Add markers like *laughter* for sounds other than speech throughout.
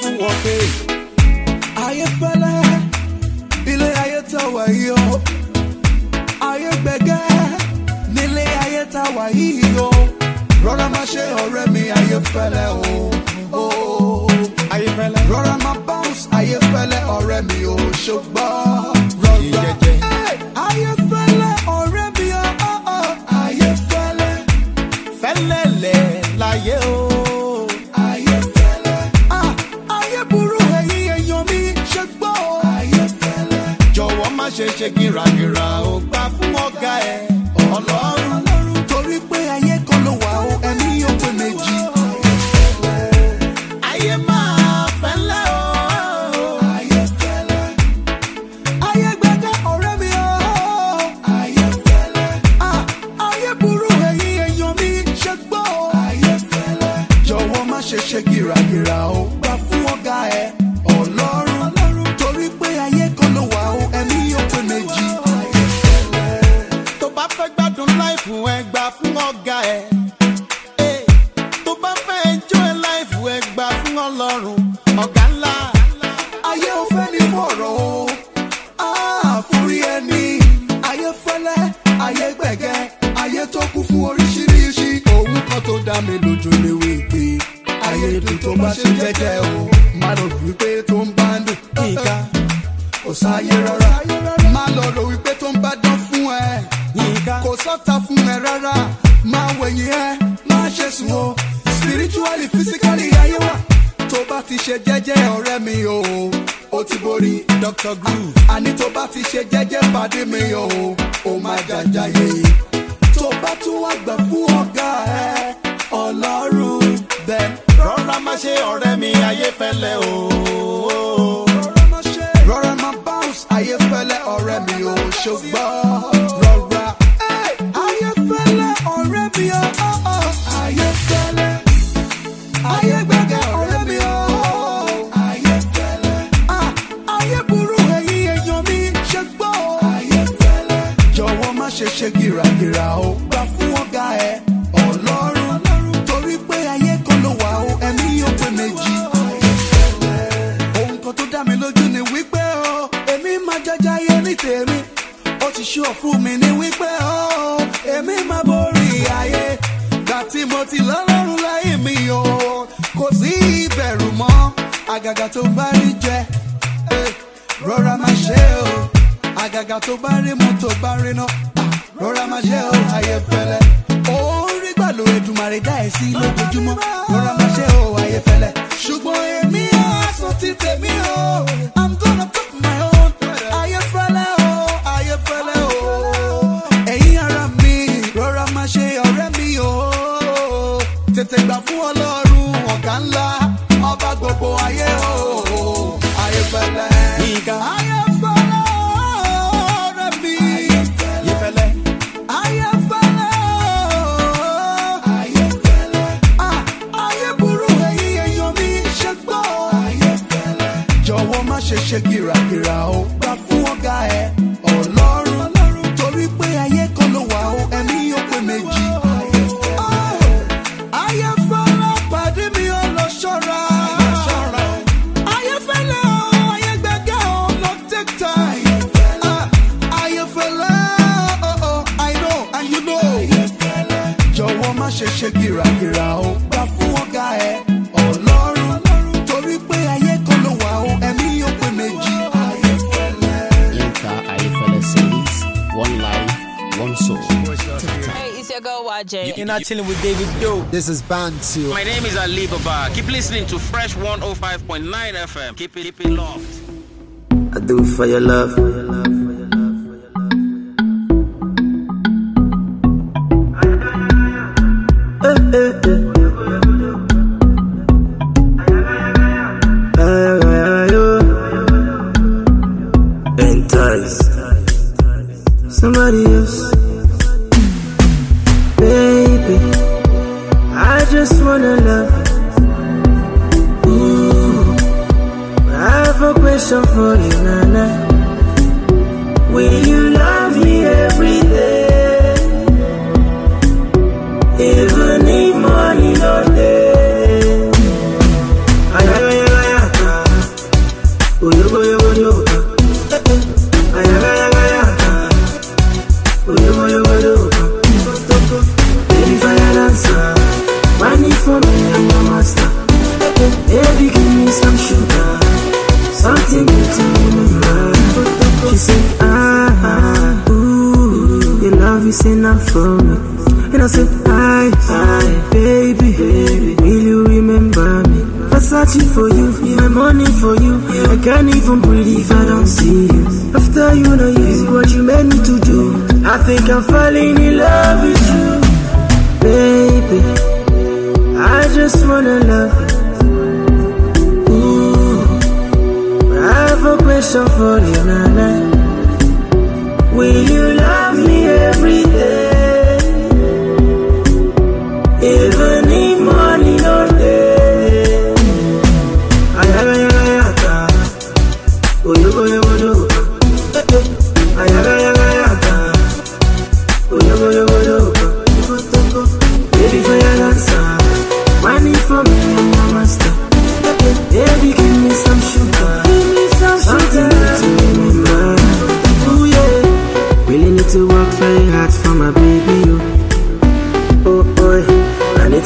fún wọn pé ayé fẹ́lẹ́ ilé ayé tá wà yìí o ayé gbẹ̀gẹ́ nílé ayé tá wà yìí o rọra máa ṣe ọ̀rẹ́ mi oh. fẹ́lẹ́ o oh, ayé fẹ́lẹ́ rọra máa bounce ayé fẹ́lẹ́ ọ̀rẹ́ mi o ṣùgbọ́n rọra. ṣe gíragira ó gbà fún ọ̀gá ẹ̀ ọlọ́run. àgàgà tó bá rí mú tó bá rí ná rọra máa ṣe o ayé fẹlẹ orí gbàlù Èdùmàrè dá ẹ sí lójoojúmọ́ rọra máa ṣe o ayé fẹlẹ ṣùgbọ́n èmi á sọ ti tèmi o I'm gonna talk. not chilling with David Doe. This is Bantu. My name is Ali Baba. Keep listening to Fresh 105.9 FM. Keep it, keep it locked. I do for your love. For your love. falling in love with you, baby. I just wanna love you. Ooh, I have a question for you, Nana. Will you love me every day?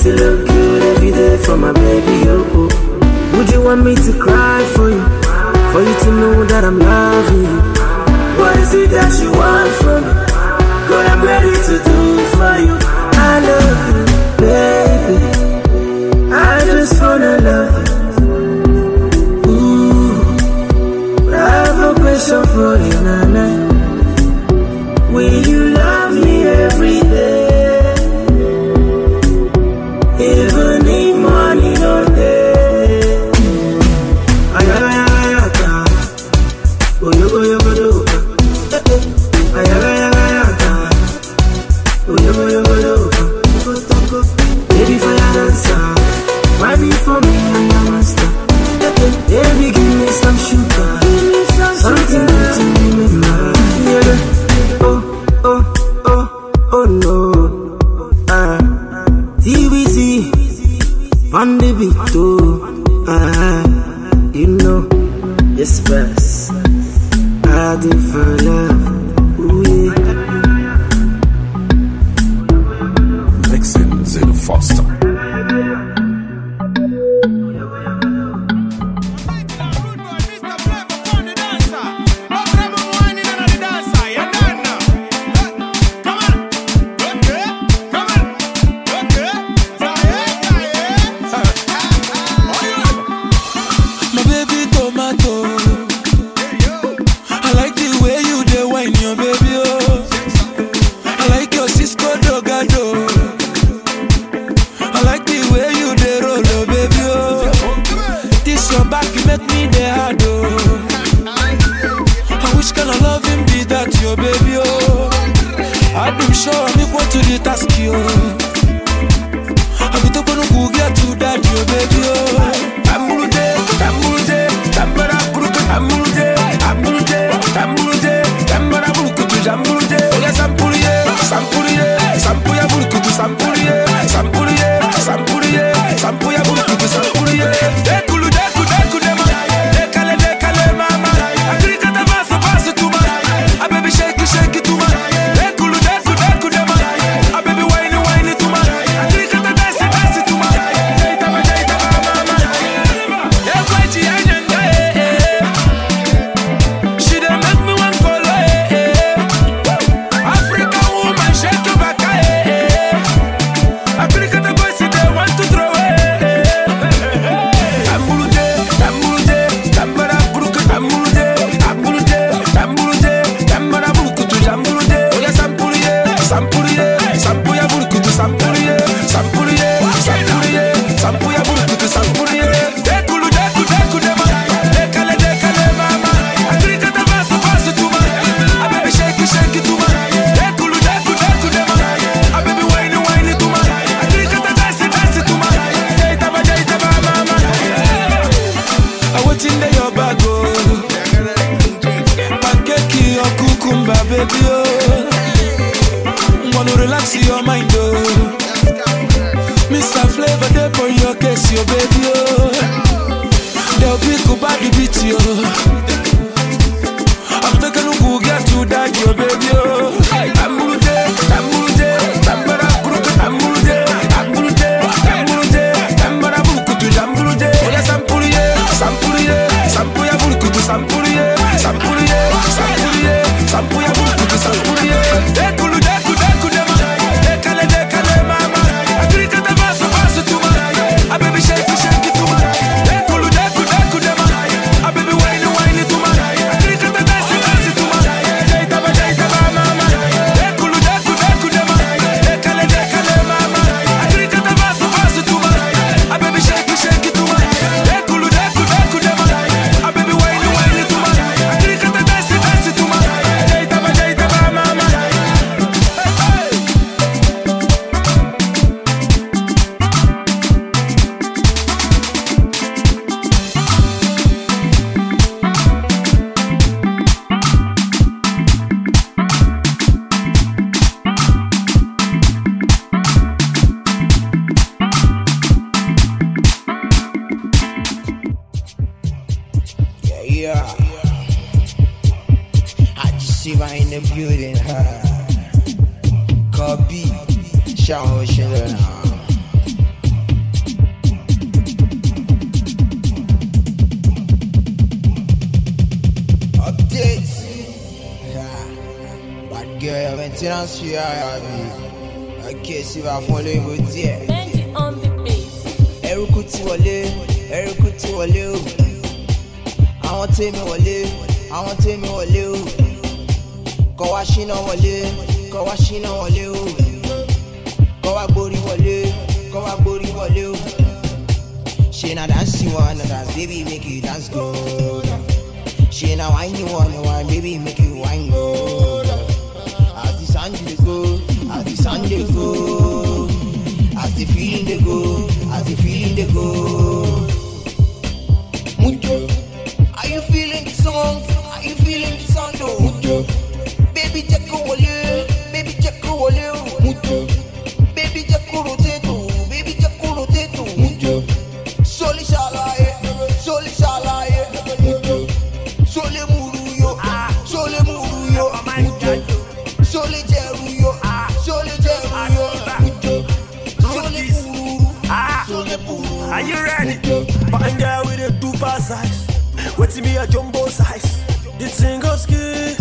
to look good every day for my baby, oh, oh. Would you want me to cry for you? For you to know that I'm loving you? What is it that you want from me? I'm ready to do for you. I love you, baby. I just wanna love you. Ooh, I have a question for you, Nana. baby, oh. Yeah. I just see her in the building. Huh? Copy. Show children. Updates. Yeah. Bad girl, maintenance. Yeah, yeah. Okay, see if I follow you with yeah. Benji on the beat. Eric Kuti Wale. Eric Kuti Wale. I want to tèmi wọlé àwọn tèmi wọlé o kọ́ wá ṣínà wọlé kọ́ wá ṣínà wọlé o kọ́ wá gborí wọlé kọ́ wá gborí wọlé o ṣe na dance one dance baby make you dance go ṣe na wine you one one baby make you wine go as the sun dey go as the sound dey go as the feeling dey go as the feeling dey go. size. Waiting me a jumbo size. The single goes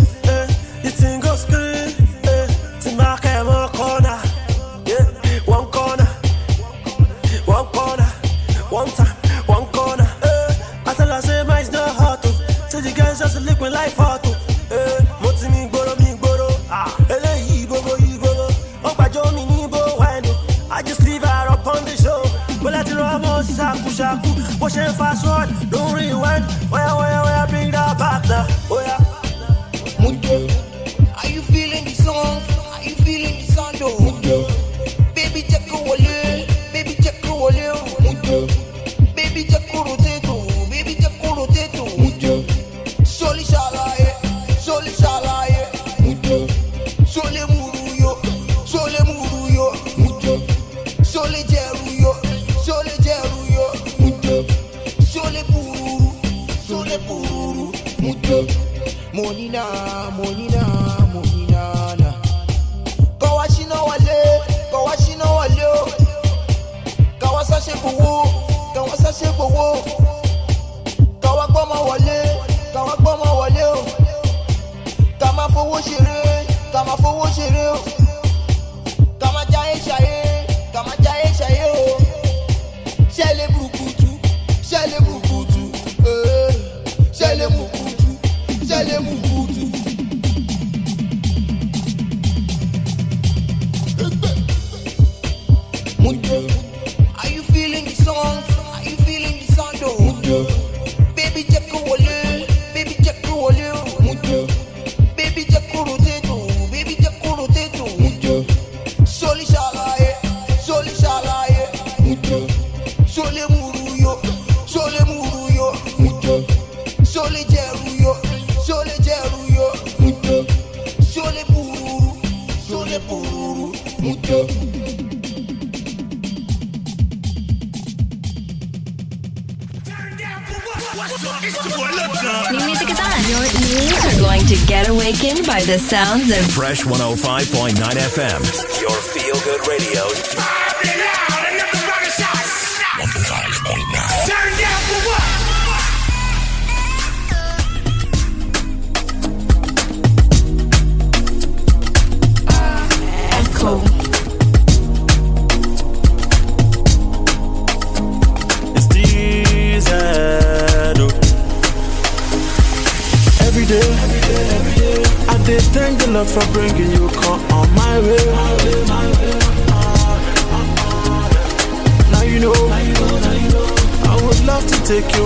by the sounds of Fresh 105.9 FM, your feel good radio.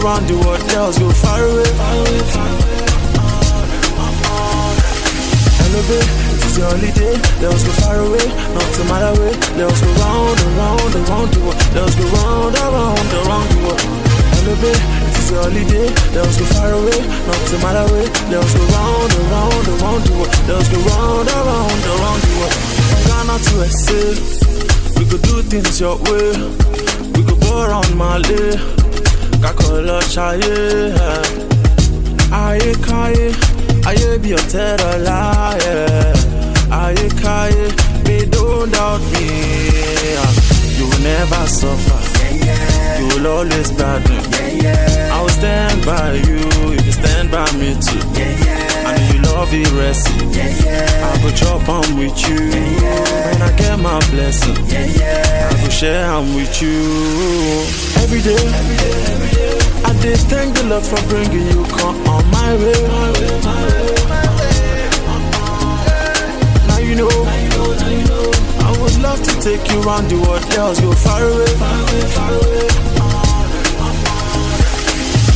around the world, girls go far away. Hello, babe, it is your holiday. Girls go far away, not to my way. Girls go round and round and round the world. Girls go round and round and round the world. Hello, babe, it is your holiday. Girls go far away, not to my way. Girls go round and round and round the world. Girls go round and round and round the world. From Ghana to SA, we could do things your way. We could go around Mali kakoloch ayé ayékáyé ayé bí ọ̀tẹ̀ rọ̀lá ayékáyé babe don't doubt me you never suffer you'll always gbádùn I will stand by you if you stand by me too no be resting. Yeah, yeah. I go chop am with you. Yeah, yeah. When I get my blessing, yeah, yeah. I will share am with you. Every day, every day, every day. I just thank the Lord for bringing you come on my way. My way, my way, my way. Now you know. I would love to take you round the world, girls, go far away, far away, far away.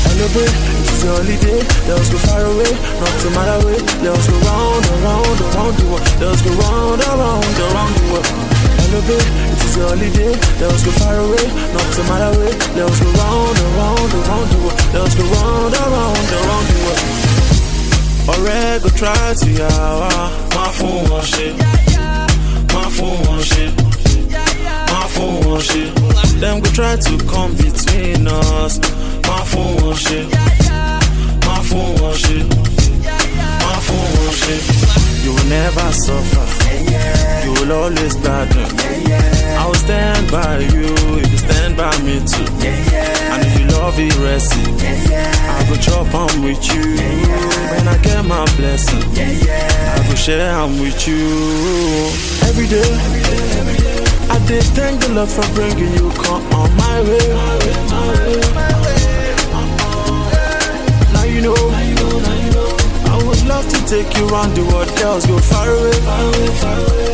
Celebrate, it is a holiday. Let us go far away, not to Malawi. Let us go round, around, around the world. Let us go round, around, around the world. Celebrate, it is a holiday. Let us go far away, not to Malawi. Let us go round, around, around the world. Let us go round, around, around the world. Already go try ti yà phone won't wọn My phone won't ṣe. my phone won't shit. Them go try to come between us phone won't shit. My phone won't shit. My phone won't shit. You will never suffer. You will always pardon. I will stand by you if you stand by me too. And if you love it, rest I will chop on with you. When I get my blessing, I will share i with you. Every day, every day. I did thank the Lord for bringing you come on my way. My way, my way, my way know. I would love to take you round the world, girls, go far away, far away, far away.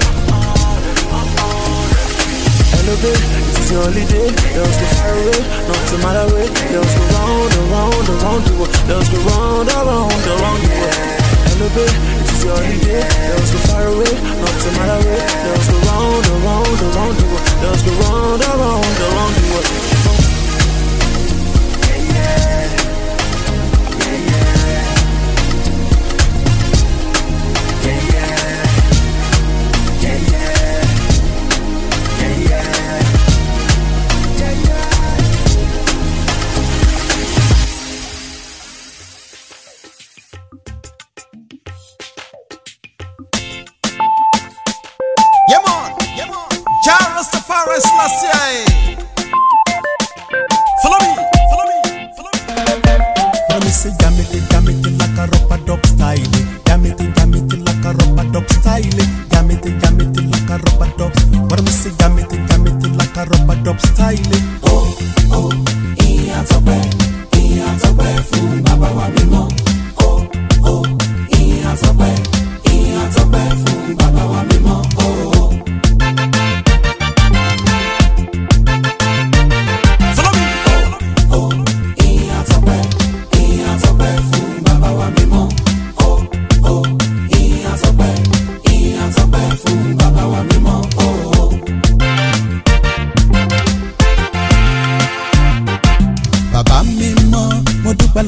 Hello, babe, it is your holiday. Girls, go far away, not to matter way. Girls, go round, around, around the world. Girls, go round, around, around the world. Hello, babe, it is your only holiday. Girls, go far away, not to matter way. Girls, go round, around, around the world. Girls, go round, around, around the world.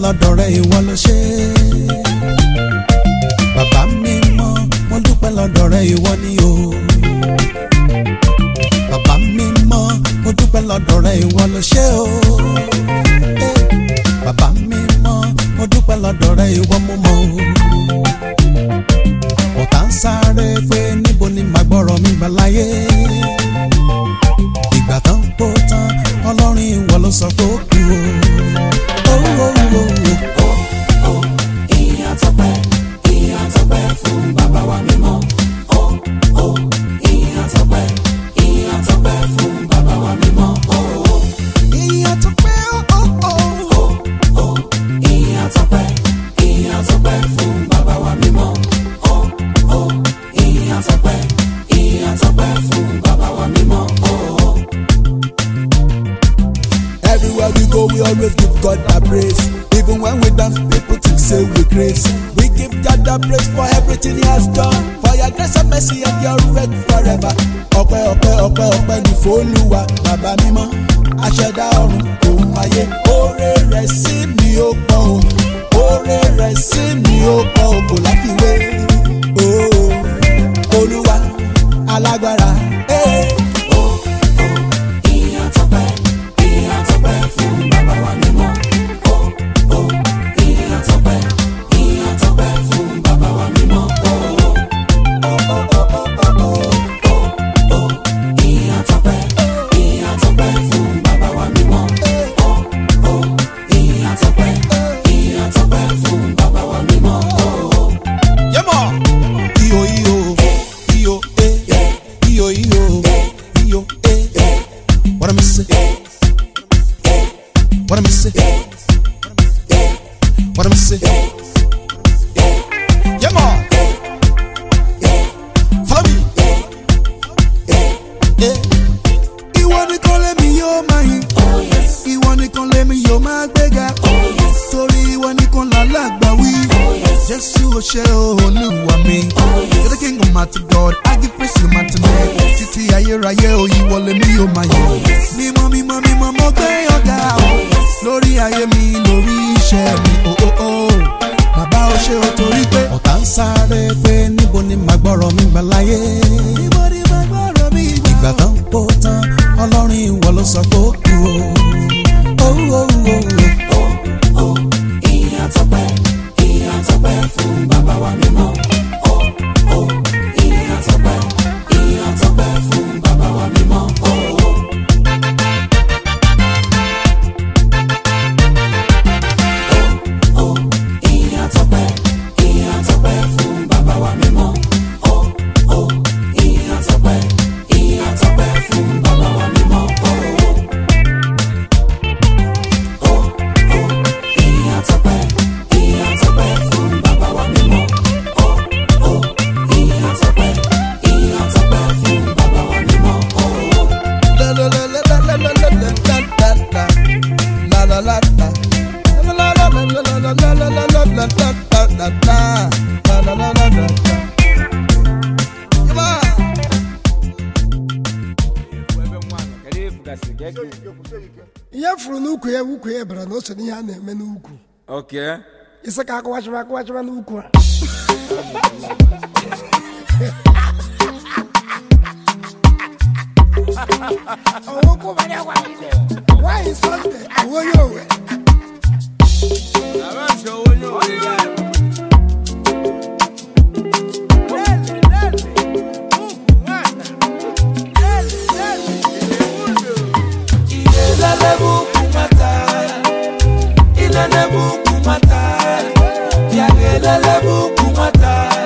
lọ́dọ̀ rẹ ìwọ ló ṣe bàbá mímọ́ mo dúpẹ́ lọ́dọ̀ rẹ ìwọ ni o bàbá mímọ́ mo dúpẹ́ lọ́dọ̀ rẹ ìwọ ló ṣe o bàbá mímọ́ mo dúpẹ́ lọ́dọ̀ rẹ ìwọ mo mọ̀ o ọ̀tá ń sáré pé níbo ni màá gbọ́rọ̀ mi gbà láyé. Okay. Isa ka kuwa shwa watch, shwa nukwa. Owo ko bani kwa ide. Why is Sunday? Owo you? Nebu kumata, ina nebu matar Diagela la buku matar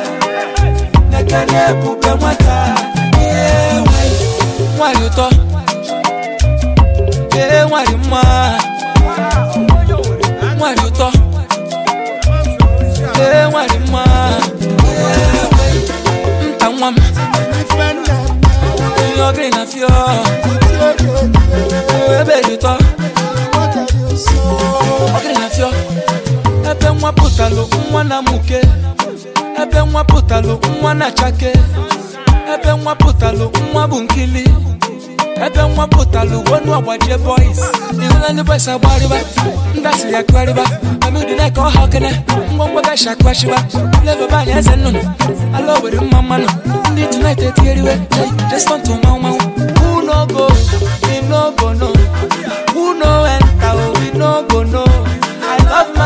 Nekane pube matar Yeah, mwari uto Yeah, mwari ma Mwari uto Yeah, mwari ma Mta mwama Yo grina fio Ebe uto Yo grina fio ebe nwa pụtalụ nwa na muke ebe nwa pụtalụ nwa na chake ebe nwa pụtalụ nwa bụ nkili ebe nwa pụtalụ wonu agbajie boys iwela ndị boys agbariba ndasị ya kụgharịba amidine ka ọ ha okene ngwongwo gashi akụghachiba levebe anyị eze nnụnụ ala owere mma mmanụ ndị tonight Just want to manwụ manwụ who no go we no go no who no enter we no go no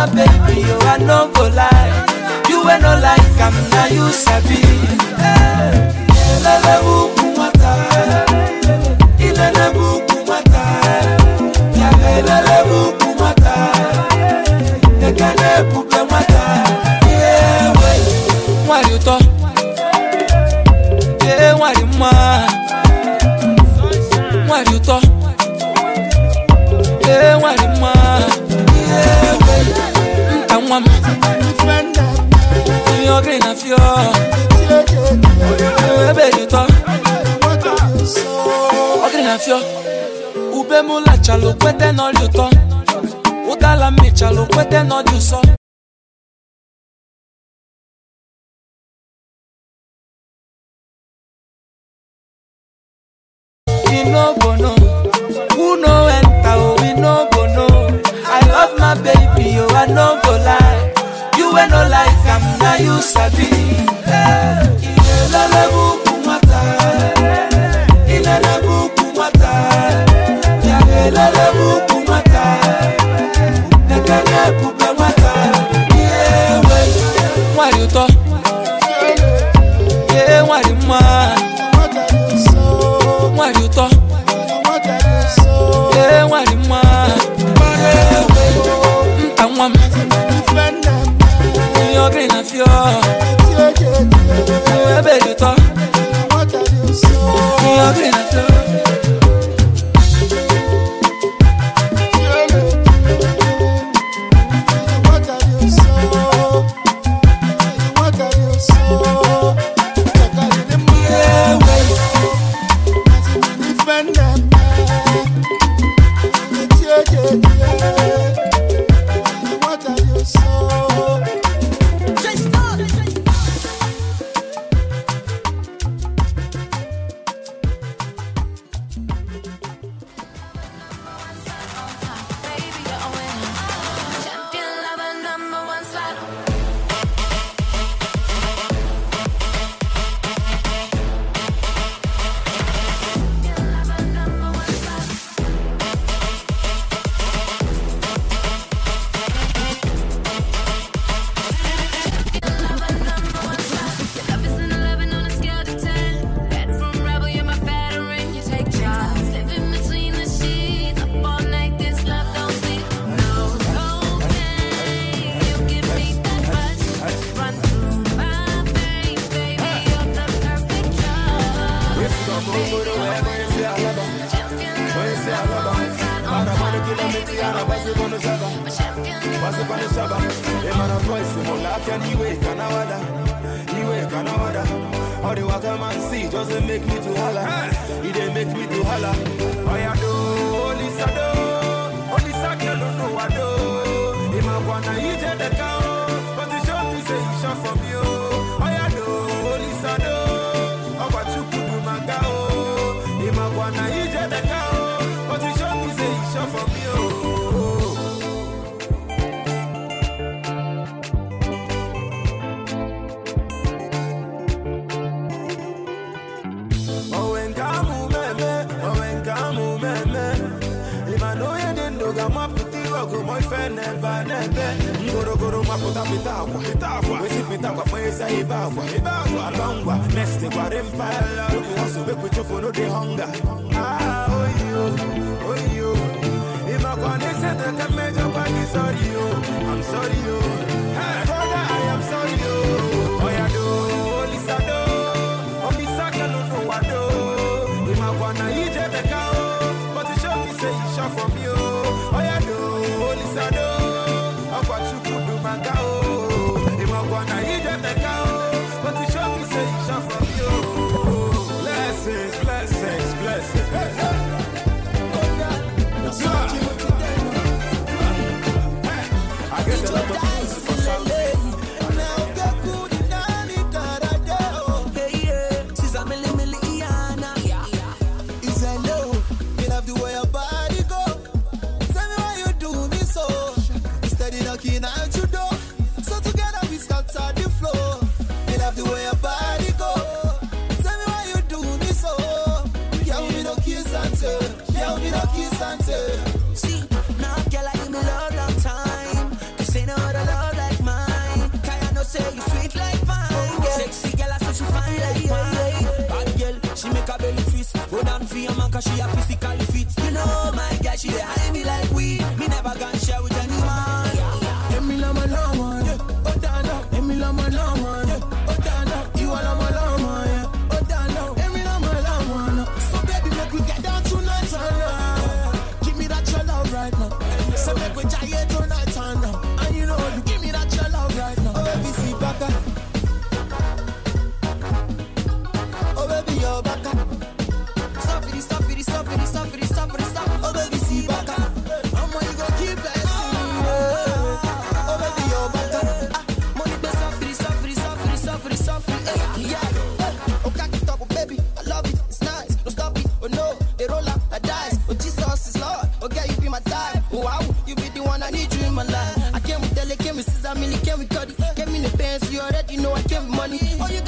baby, oh I no go lie. You ain't no like I'm now you sabi. Ilele buku mata, ilele buku mata, ilele buku mata, nekane pupe mata. Nwari utọ, ee nwari mma, nwari utọ, ee nwari mama Your green of your Baby to Green of your Ube mula chalo kwete no luto chalo kwete no duso We no go no Who no enter, oh, we no go no I love my baby, oh I no go wey no like am na you sabi. Hey. ebe dị tọ ọgịrị na tọ Yeah. come and see, just they make me to holla. Hey. You not make me to holla. Oh yeah, do, Lisa do, oh Lisa, girl, no, I wanna wana, you the cow. pitagwa pitagwa wezi pitagwa ibagwa ibagwa rempa no hunger ah oh yo nese kwa sorry yo i'm sorry yo you know I give money. Oh, you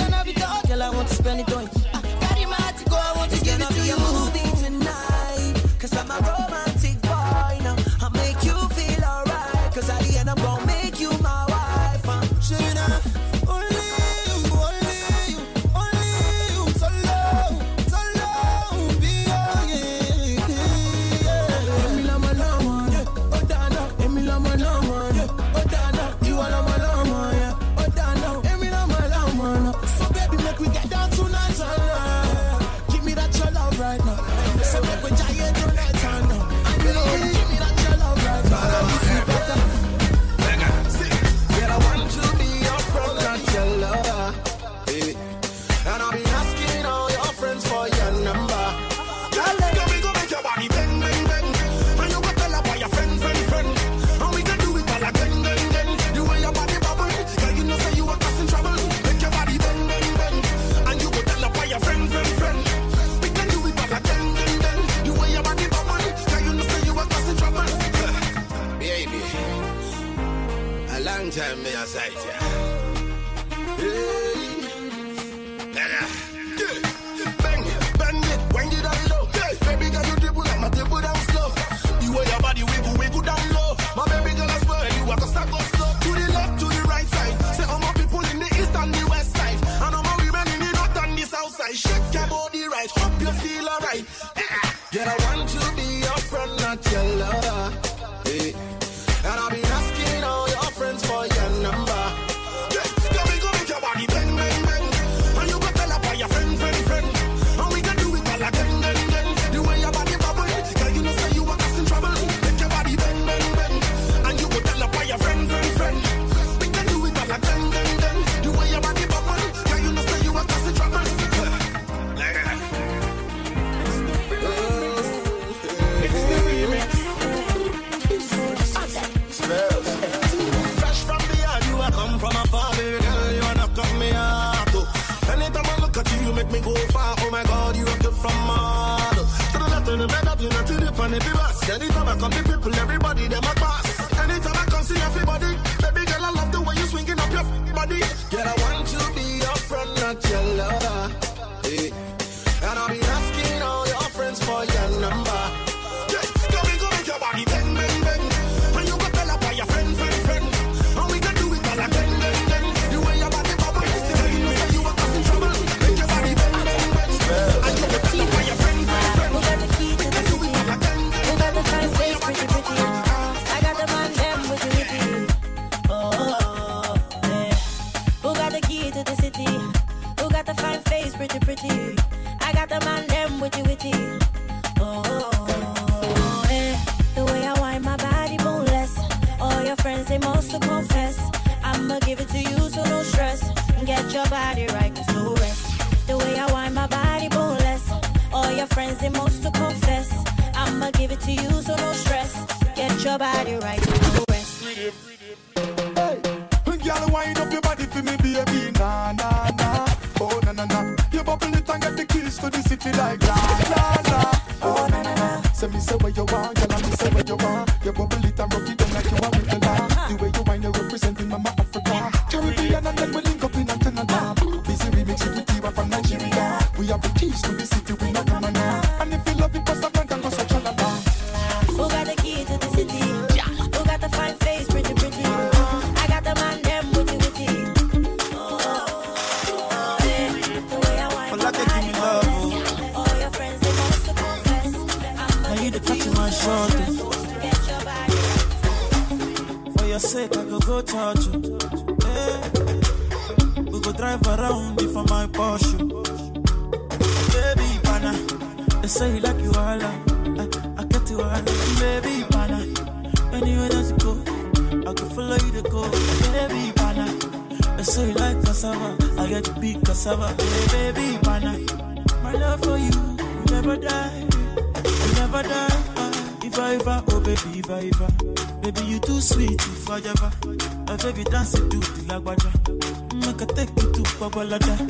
all of that.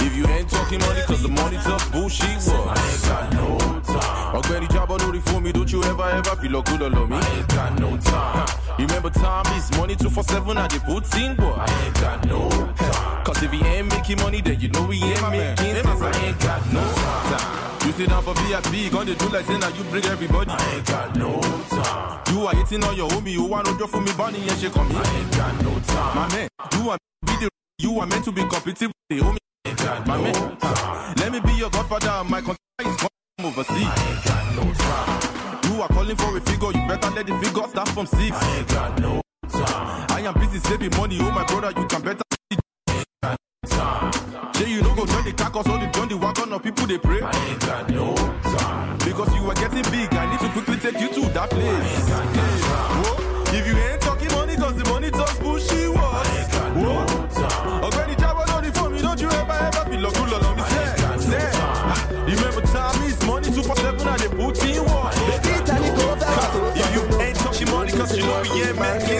If you ain't talking money, cause the money talks bullshit, what? I ain't got no time. Already job on already for me, don't you ever, ever feel good alone me? I ain't got no time. Remember time is money, 247, I did put in, boy. I ain't got no time. Cause if he ain't making money, then you know he ain't making sense. I ain't got no time. You sit down for VIP, gonna do like saying that you bring everybody. I ain't got no time. You are hitting on your homie, you want to draw for me, Bonnie, and she come here. I ain't got no time. My man, you are be the you are meant to be competitive with the homie. I ain't got My no man, time. let me be your godfather. My contract is from overseas. I ain't got no time. You are calling for a figure, you better let the figure start from six. I ain't got no time. I am busy saving money, oh my brother, you can better. I ain't got no time. Yeah, you know join the carcass or the join the wagon of people they pray. I ain't got no time. Because you are getting big, I need to quickly take you to that place. I ain't got no time. Whoa. If you ain't talking money, cause the money talks bullshit. was. I ain't got Whoa. no time. Already job was only for me. don't you ever ever feel like cool along the set. No time. Remember time is money, two seven, and they put in one. If you ain't talking money, cause you know we ain't making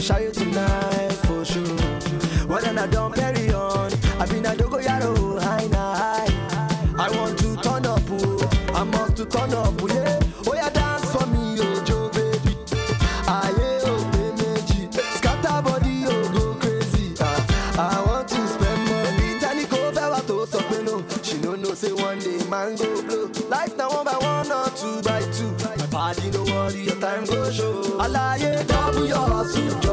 going to show you tonight for sure. What well, I don't carry on. I've been a dogo yaro, high na high. I want to turn up, oh. I must to turn up, oh, yeah. Oh yeah, dance for me, oh Joe baby. Aye, oh baby, scatter body, oh go crazy. Uh, I want to spend money. Tani ko fewa to so no. She no no say one day man go blow. Life now one by one or two by two. My body no worry, your time go show. I Alaye, double your hustle.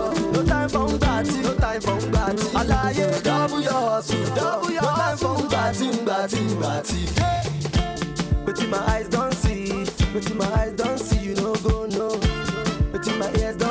timba, timba, timba. But in my eyes don't see, but in my eyes don't see, you no go no. But in my ears don't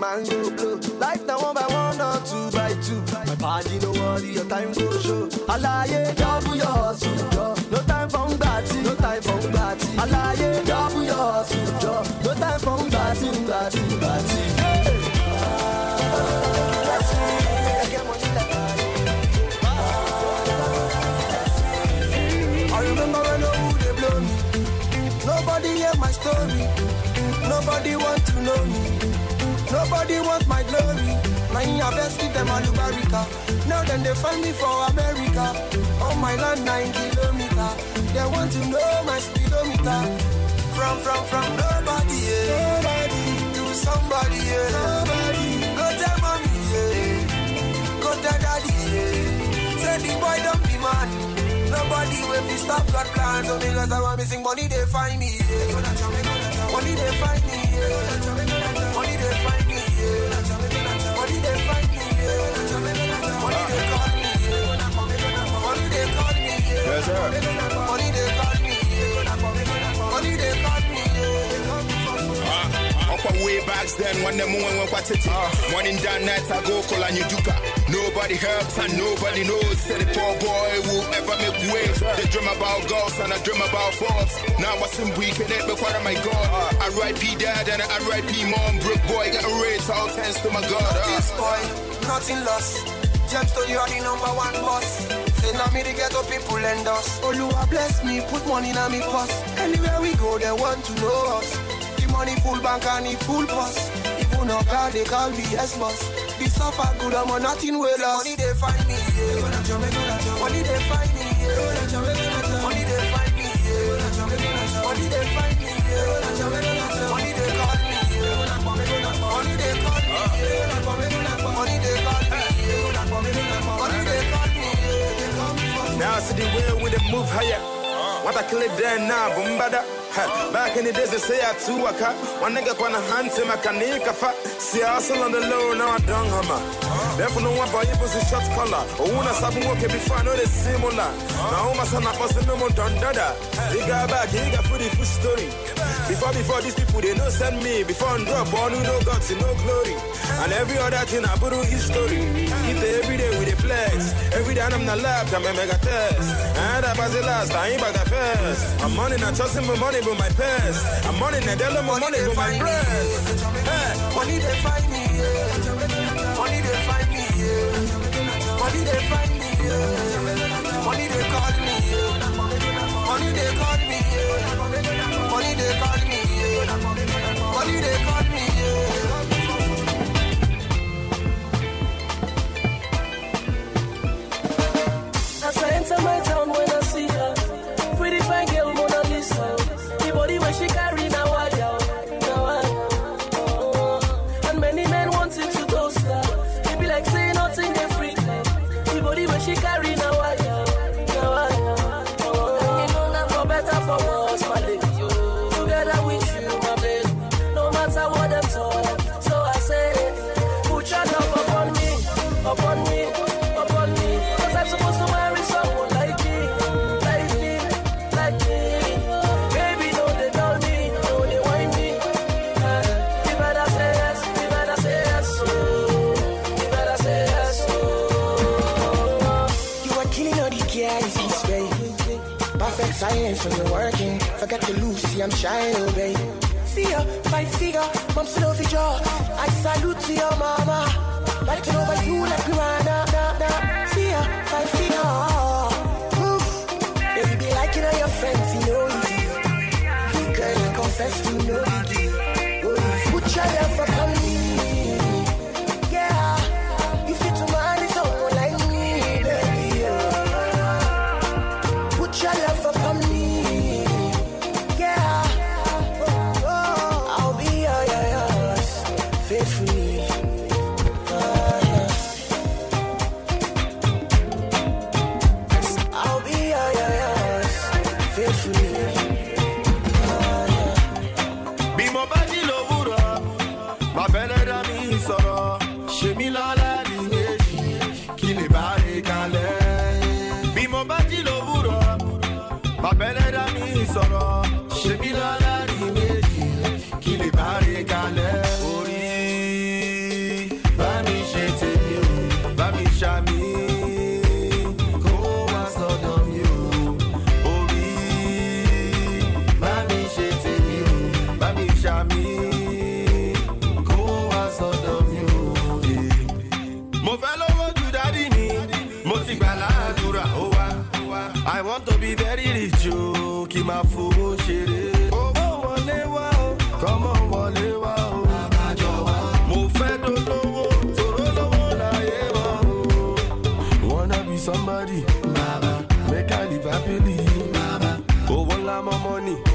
man go blow. Life now one by one or two by two. My party no worry, your time go show. Alaye, for your hustle, yo. No time for party, no time for party. Alaye, for your hustle, yo. No time for party, party, party. I remember when the blow me. Nobody hear my story. Nobody want to know me. Nobody wants my glory. My harvest them all in America. Now then they find me for America. On my land nine kilometer. They want to know my speedometer. From from from nobody, yeah. nobody to somebody, yeah. Somebody. Go tell mommy, yeah. Go tell daddy, yeah. Say the boy don't be man. Nobody will be stop God plans. So because I want missing money, they find me. Yeah. Money they find me. Yeah. Yes, sir. proper way back then when ah. the moon went quantity. Uh, morning down night I go call on you duper. Nobody helps and nobody knows. Say the poor boy will ever make waves. They dream about girls and I dream about faults. Now I seem weak and it before my god. I write ah. P dad and I write P mom. Brook boy a raised all thanks to my god. Uh. This boy, nothing lost. Jump to you are the number one boss. Say now me the ghetto people and us. Oh, you are bless me, put money in my purse. Anywhere we go, they want to know us money full bank and it full boss. If you no God, they call me S boss. This suffer good, I'm on nothing well us. Money they find me, yeah. Money they find me, yeah. Money they find me, yeah. Money they find me, yeah. Money they call me, yeah. Money they call me, yeah. Money they call me, yeah. Money they call me, yeah. Now I see the way we they move higher. Uh. What I kill it there now, boom, bada. Back in the days, they say I too a cat. One nigga wanna hunt him, I can make a fat. See, I hustle on the low, now I don't hammer. Therefore, no one buy you was a shot collar. Oh, when I saw walk it before, I know they similar. Now, my son, I was a no more done, dada. They got back, he got footy, full story. Before, before these people, they no send me. Before I'm drop, born with no guts, no glory. And every other thing I put on history. Keep the everyday with a flex. Every day I'm not left, I'm a mega test. And I pass the last, I ain't back the first. I'm money, not trusting my money, but my purse. I'm money, not telling my money, but my breath. Hey, money, they find me, yeah. Money, they find me, yeah. Money, they find me, yeah. Money, they call me, yeah. Money, they call me, yeah. Forget to lose, see I'm shy, oh babe. See ya, five figure, bumps it over jaw. I salute to your mama. Like to know by you like piranha, nah, nah, nah. all of my money.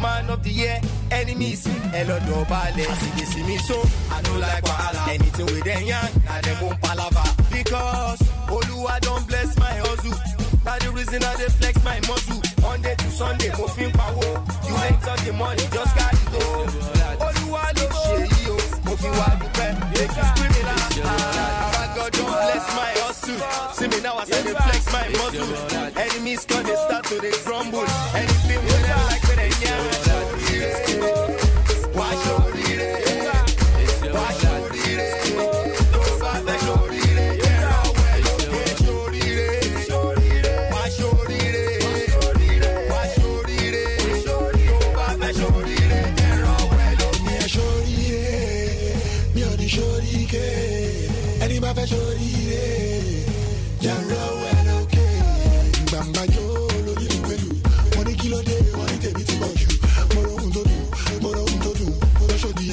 man of the year. Enemies, hello do ballet. I see this me so I don't like wahala. Anything with them young, now they won't palava. Because Oluwa don't bless my hustle. That's the reason I they flex my muscle. Monday to Sunday, moving power. You ain't touch the money, just got it go. Oluwa ló ṣe yìí o, mo fi wá dúpẹ́. Make you scream it out. Ah, God don't bless my hustle. See me now as I they flex my muscle.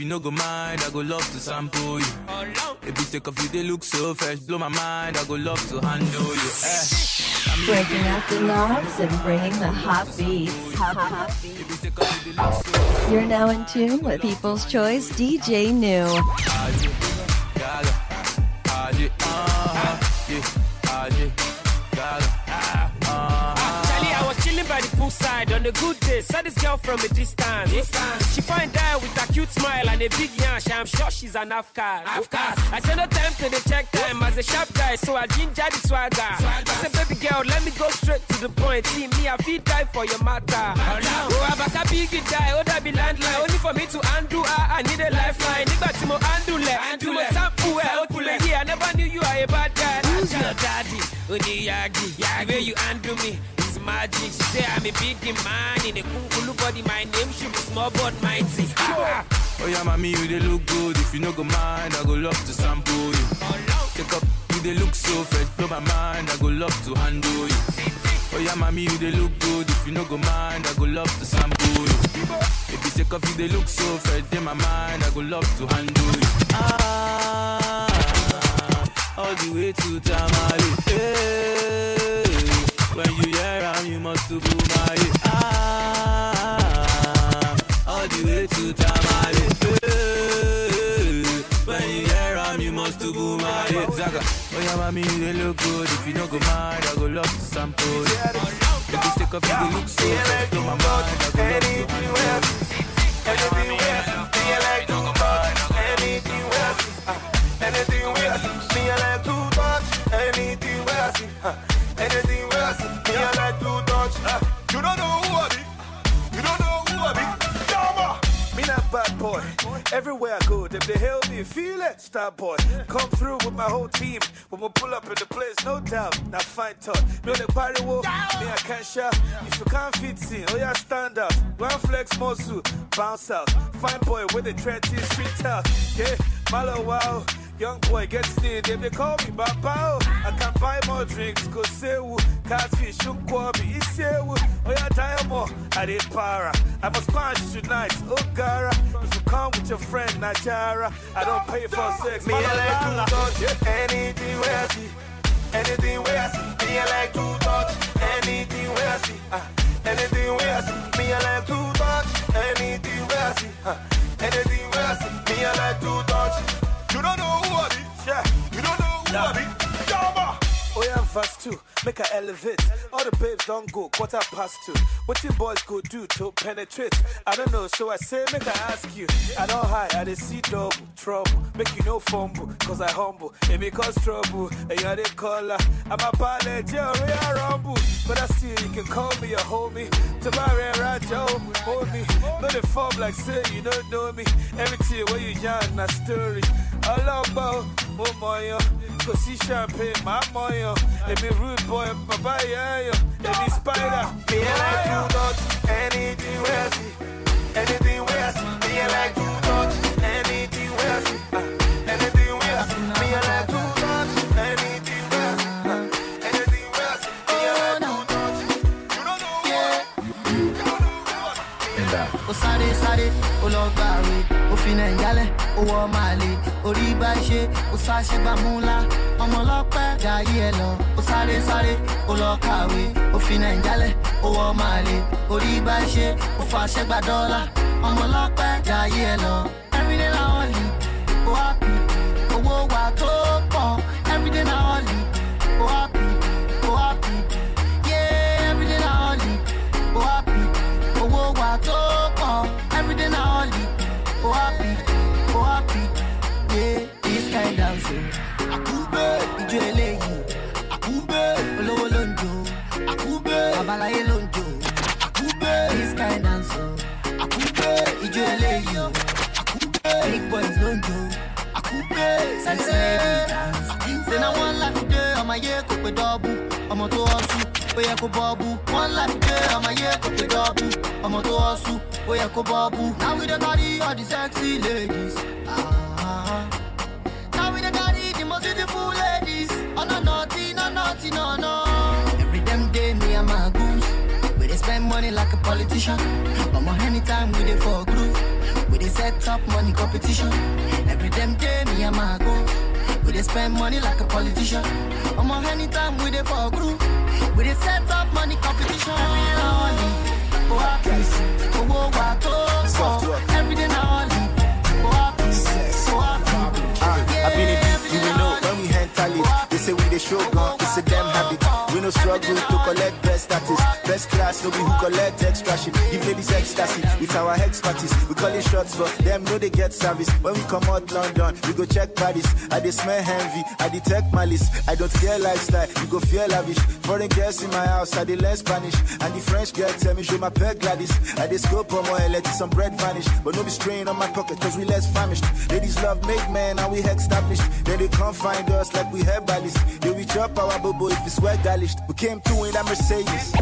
you no go mind, I go love to sample you. If you take off you, they look so fresh. Blow my mind, I go love to handle you. Eh. Breaking up the knobs and bringing the hot beats. hot beats. You're now in tune with People's Choice DJ New. poolside on a good day. Saw this girl from a distance. distance. She find out with a cute smile and a big yash. I'm sure she's an Afghan. Afghan. I said no time to the check time as a sharp guy, so I ginger the swagger. swagger. I said, baby girl, let me go straight to the point. See me, I feel die for your matter. Oh, I'm a big guy, oh, that be landline. Only for me to undo, I, ah, I need a lifeline. Nígbà tí mo undo lẹ̀, tí mo sample ẹ̀, ó kulẹ̀. Yeah, I never knew you are a bad guy. Who's your daddy? the Yagi, the way you undo me is magic. She say I'm a big man in a cool body. My name she be small but mighty. Oh yeah, mommy, you they look good. If you no go mind, I go love to sample you. Oh, Take up, you they look so fresh. Blow my mind, I go love to handle you. Oh yeah, mommy, you they look good. If you no go mind, I go love to sample you. If you take off, you they look so fresh. Then my mind, I go love to handle you. Ah, all the way to Tamale. Hey. When you hear am, you must to boom my ah, all the way to Tamale. Eh, when you hear am, you must to boom my Zaga, oh yeah, mommy, they look good. If you don't go mad, I go love to sample. If you stick up, you go look so good. To my mind, I go love to Anywhere, anywhere, me like to anything where I like to touch. Anything where I anything. boy. Everywhere I go, if they help me, feel it, star boy. Come through with my whole team. When we pull up in the place, no doubt. Now fine talk. No the party wall, me I can't shout. If you can't fit in, oh yeah, stand out. One flex muscle, bounce out. Fine boy with the trendy street talk. Yeah, Malo wow. Young boy gets in, them they call me baba, oh. I can buy more drinks, go sewu. Catfish, shook kwabi, isewu. Oh yeah, diamond, I did para. I must punch tonight, oh gara come with your friend Najara. I don't pay for sex. Me, I like to touch anything where I see. Anything where I see. Me, I like to touch anything where I see. Ah, anything where I see. Me, I like to touch anything where I see. Ah, anything where I see. Me, I like to touch. You don't know who I be. Yeah. You don't know who I be. Oh yeah, fast too. Make her elevate. All the babes don't go quarter past two. What you boys go do to penetrate? I don't know, so I say make I ask you. I don't hide, I don't see double trouble. Make you no fumble, cause I humble. It may cause trouble, and you're the caller. I'm a pilot, Jerry, I rumble. But I still, you can call me a homie. Tomorrow, Rajo, homie. No the form like say you don't know me. Everything where you yarn, a story. I love about mo mọ yan kò champagne má boy bàbá ìyá me and like you touch anything wey i see anything wey i me and like you touch anything wey i uh, anything wey i me and like you touch anything wey i uh, anything wey I see me and like you don't know what you don't know what. ó sáré sáré ó lọ gbàwé. ìfìnà ìyálẹ̀ owó ọmọ àlè orí bá ṣe ó ṣàṣẹ bá mú ńlá ọmọ ọlọ́pẹ́ jayé ẹ lọ ó sáré sáré ó lọ kàwé ó fìnà ìyálẹ̀ owó ọmọ àlè orí bá ṣe ó fàṣẹ gbà dọ́là ọmọ ọlọ́pẹ́ jayé ẹ lọ. everyday na only o happy owó wa tó pọ̀ everyday na only o happy o happy yeah everyday na only o happy owó wa tó pọ̀ everyday na only o happy. dance o. ijó olówó babaláyé this kind dance ijó big boys ṣe na ọmọ ayé kò pé ọmọ tó ó yẹ kó bọ́ọ̀bù ọmọ ayé kò pé ọmọ tó ó yẹ kó bọ́ọ̀bù. now we dey carry all the sexy ladies. Ah, ah, ah beautiful ladies. Oh no, naughty, no, naughty, no, no. Every damn day, me and my goons. We they spend money like a politician. But more anytime we they for a group. We they set up money competition. Every damn day, me and my goons. We they spend money like a politician. But more anytime we they for a group. We they set up money competition. I'm Every morning, oh, I can't see. sugar. It's a damn habit. We no struggle to collect best status. Best class, no be who collect extra shit. Give ladies ecstasy with our expertise. We call it shots for them, know they get service. When we come out London, we go check bodies. I dey smell envy, I detect malice. I don't care lifestyle, you go feel lavish. Foreign girls in my house, I dey learn Spanish. And the French girl tell me, show my pet Gladys. I dey scope on my let some bread vanish. But no be strain on my pocket, cause we less famished. Ladies love make man, and we established. Then they come find us like we bodies. They we chop our Bobo if it's well garnished. We came through in a Mercedes.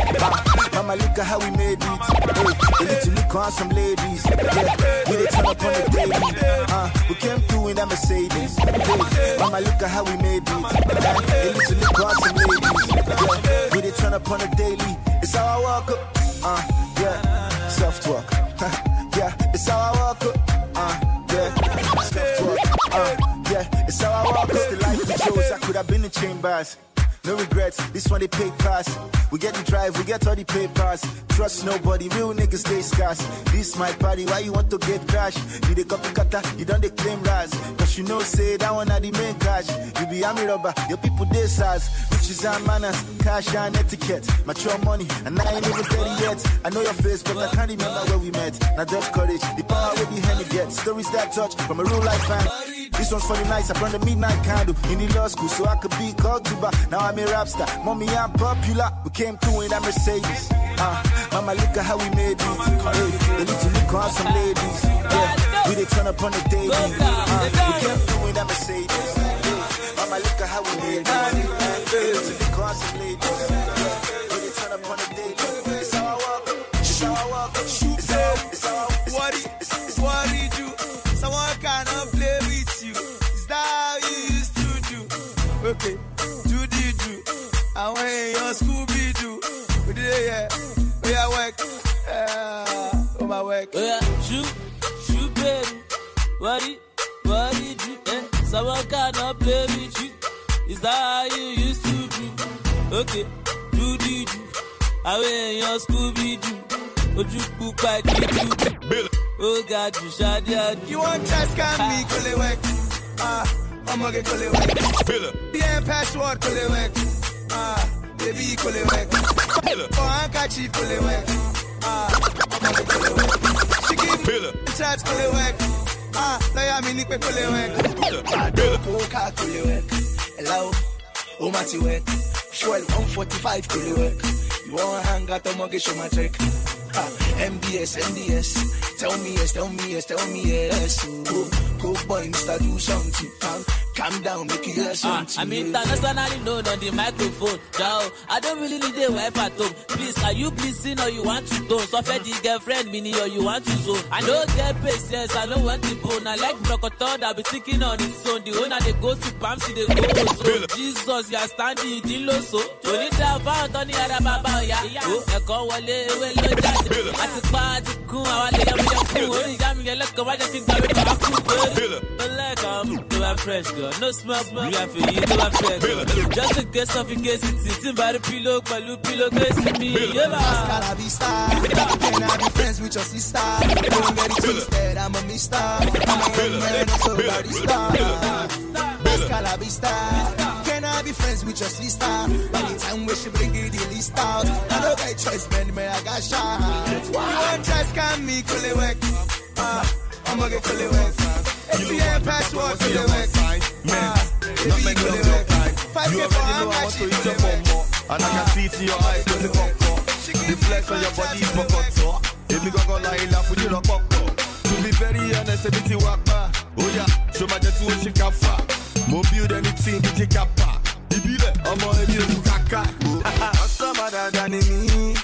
Mama, look at how we made it. Hey, they need to look on some ladies. Yeah, we they turn up on the daily. Uh, we came through in a Mercedes. Hey, mama look at how we made it. they need to look on some ladies. Yeah, we they turn up on the daily. It's how I walk up. Uh, yeah, self talk. *laughs* yeah, it's how I walk up. Uh, yeah, self talk. Uh, yeah, it's how I walk up. The life we chose, I could have been in chambers. No regrets, this one they pay pass. We get the drive, we get all the papers. Trust nobody, real niggas stay scarce. This my party, why you want to get cash? You the copy cutter, you don't claim rise. Cause you know, say that one are the main cash. You be army rubber, your people they size. Riches and manners, cash and etiquette. Mature money, and I ain't even 30 yet. I know your face, but I can't remember where we met. Now just courage, the power will be handy get. Stories that touch from a real life fan. This one's for the nights, I burn the midnight candle in the law school so I could be called to by. Now I'm i rap star. Mommy, I'm popular. We came through in a Mercedes. Uh, mama, look at how we made it. Hey, they need to look on some ladies. Yeah, we did turn up on the day. Uh, ah, we came through in a Mercedes. mama, look at how we made it. They need to look on some ladies. we turn up on the It's It's It's What what Someone cannot play with you. that you used to do. Okay. yeah. We are work. Yeah, oh my work. Oh yeah, shoot, shoot, baby. What what Eh? Someone cannot play with you. Is that how you used to do? Okay, do do do. I wear your Scooby Doo. Ojú pupa jíjú. Ó ga do. Oh God, You want test can me Ah, I'm gonna kò lè wẹ̀. Bí Yeah, password kò lè Ah, baby, kò lè Pour handkerchief full of wet. She give me the chance full of wet. Ah, lawyer me nipe full of wet. Adó coca full of wet. Hello, who mati wet? Fuel 145 full of wet. You want hang out, I'ma get you my check. MBS, MBS. Tell me yes, tell me yes, tell me yes. Coke boy, Mr. Do something. Calm down, make you hear ah, something. I'm internationally known on the microphone. Ciao. I don't really need a wife at home. Please, are you pleasing or you want to do? Suffer the girlfriend, mini or you want to zone. I don't get patience, I don't want to bone. I like Brocotor, that be thinking on its own. The owner, they go to Pam, see they go to so. Jesus, you are standing in the low so. Tony Dava, Tony Arababa, yeah. Oh, I call Wale, well, no judge. I took part to cool, I want to yam yam cool. Only jam, you look, I want to think I'm a cool. But like, I'm fresh, girl pressure. No smell, smell. You have to you do affect. Just a guess of in case it's sitting by the pillow, my little pillow Guess it's me. Yeah, Pascal, I be star. Can I be friends with your sister? Don't get it twisted, I'm a mister. I'm a young man, I'm so body star. Pascal, I be star. Can I be friends with your sister? By the time we should bring the list out, I don't get choice, man, man, I got shot. You want choice, can me, cool it work. Uh, I'm gonna get cool it work. It's the air password, cool it work. Man, Not make love your time. You already know I want to eat your bum, And I can see it in your eyes when you come up. The flesh on your body is for cut If you go go lie, laugh with you lock up. To be very honest, a bit ma. Oh yeah, show my jet to she can fa. Mo build anything, bitch, you I'm Ibile, ọmọ ebi osu kaka. Ọsọ than me.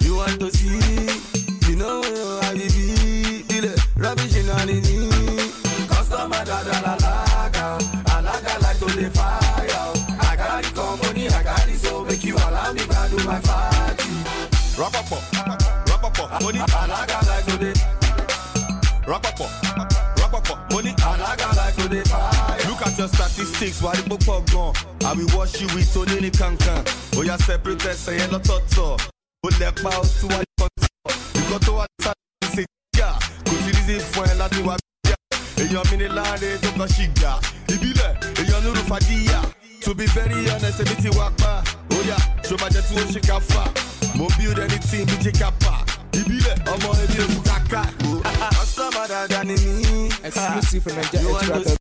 You want to see Rapapọ̀, rapapọ̀, mo ní alága like today. Rapapọ̀, rapapọ̀, mo ní alága like today. Look at your statistics, wàá rí púpọ̀ gan. I will wash you with oní ní kankan. Oya oh, separate ẹsẹ̀ yẹn lọ́tọ̀ọ̀tọ̀. Ó lẹ pa ó tún wáyé kan tọ̀. Ìkọ́ tó wá ní sáré ṣe jíjà. Kò sí rísí fún ẹ láti wá bíyà. Èèyàn mi ní láre tó kàn ṣì gà. Ìbílẹ̀ èèyàn nírú fàdíyà. To be very honest, èmi ti wá pa. Oya, ṣo máa jẹ tí wọ́n ṣe ká fà. mo build anything bíi jẹ́ kápá ìbílẹ̀ ọmọ ebi òkú kàkà. ọ̀sán mọ̀ dáadáa ni mí. exclusive from Nigeria.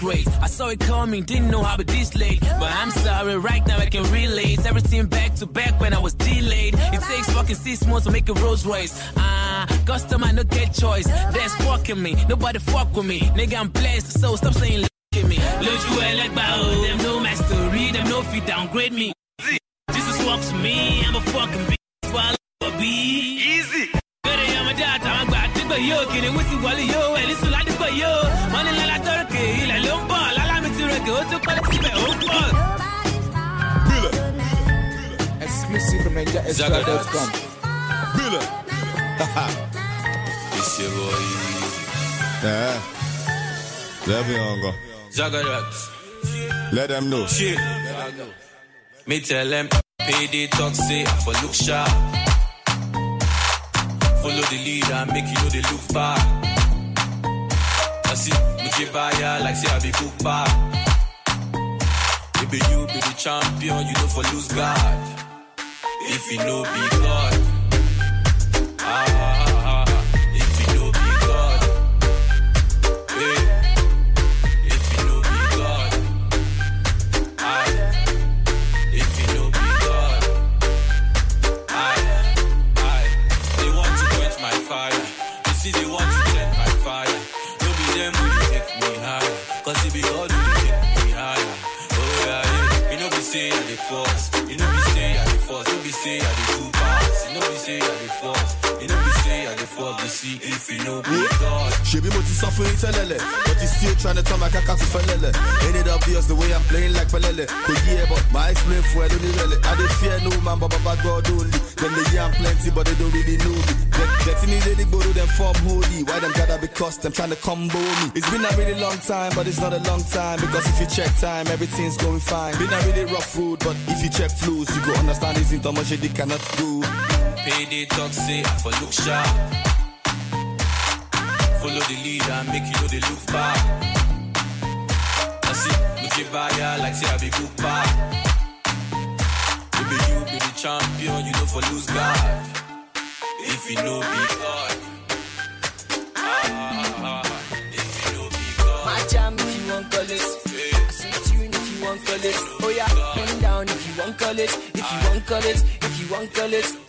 I saw it coming, didn't know how it this late. But I'm sorry, right now I can relate. Everything back to back when I was delayed. It takes fucking six months to make a Rolls Royce. Ah, uh, customer, no get choice. That's fucking me, nobody fuck with me. Nigga, I'm blessed, so stop saying look at me. Lójú like bow. them no mastery, them no fit downgrade me. Jesus walks me, I'm a fucking bitch, while I be. Easy. Bẹ́ẹ̀ni ọmọdé àtàwọn àgbà àdúgbò yóò what's wíṣí wọlé yóò, and ní sùn ládùúgbò yóò. for ní Money. make the extra def It's Let them know. Let know. Me tell them, pay the toxic for look sharp. Follow the leader, make you know they look back. I see, me keep like say I be book bad. Baby, you be the champion, you know for lose God. if you know be God. Ah, if be God. Hey, if be God. Ah, if be God. Ah. ah, they want to quench my fire. You see, they want to quench my fire. No be them who take me higher. Cause it be God who take me higher. Oh, yeah, yeah. You know, we say that force see, I do too fast. You know we say I fuck to see if you know me She be moti suffering telele, but you still trying to turn my caca to felele. Ain't it obvious the way I'm playing like pelele? But yeah, but my explain for I do really. I don't fear no man, but bad God only. Then they yam plenty, but they don't really know me. Getting in the go to them form holy. Why them gather because be cussed? I'm trying to combo me. It's been a really long time, but it's not a long time. Because if you check time, everything's going fine. Been a really rough road, but if you check flows, you go understand it's in much they cannot do. Payday talk, for look sharp follow the leader, make you know they look back. I see, look your buyer, like say I be book back. Baby, you be the champion, you know for lose God. If you know be God. Ah, if you know be God. My jam if you want colors. I see tune if you want colors. Oh yeah, bend down if you want call it. If you want call it, if you want call it.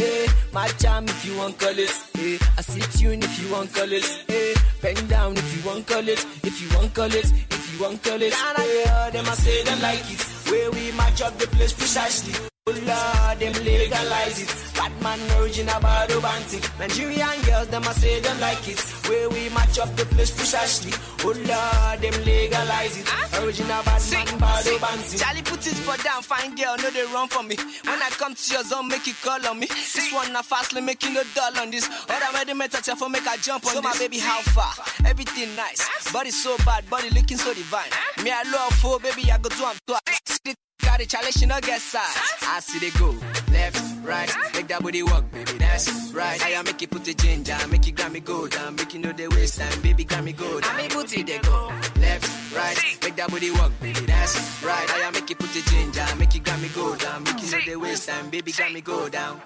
My charm if you want colors, eh. I see tune if you want colors, eh. Bend down if you want colors, if you want colors, if you want colors. And I hear them, I say them like it. Where we match up the place precisely. Lord, them legalize it. Bad man origin about romantic. Nigerian girls, them I say them like it. Where we match up the place precisely. Oh Lord, them legalize it. Huh? Ah. Original bad see, Charlie put his foot down, fine girl, no they run for me. When I come to your zone, make it call on me. This one I fastly making a doll on this. All I'm ready at your phone, make I jump on so this. my baby, how far? Everything nice. Body so bad, body looking so divine. Me I love four, baby, I go to am twice. Got the challenge, she no get size. I see they go left, right. Make that body walk, baby, that's right. I make you put the ginger, make you grab me go down, make you know the waste time, baby, me go down. I make put it, they go left, right. Make that body walk, baby, that's right. I make you put the ginger, make you grab me go down, make you know the waste time, baby, me go down.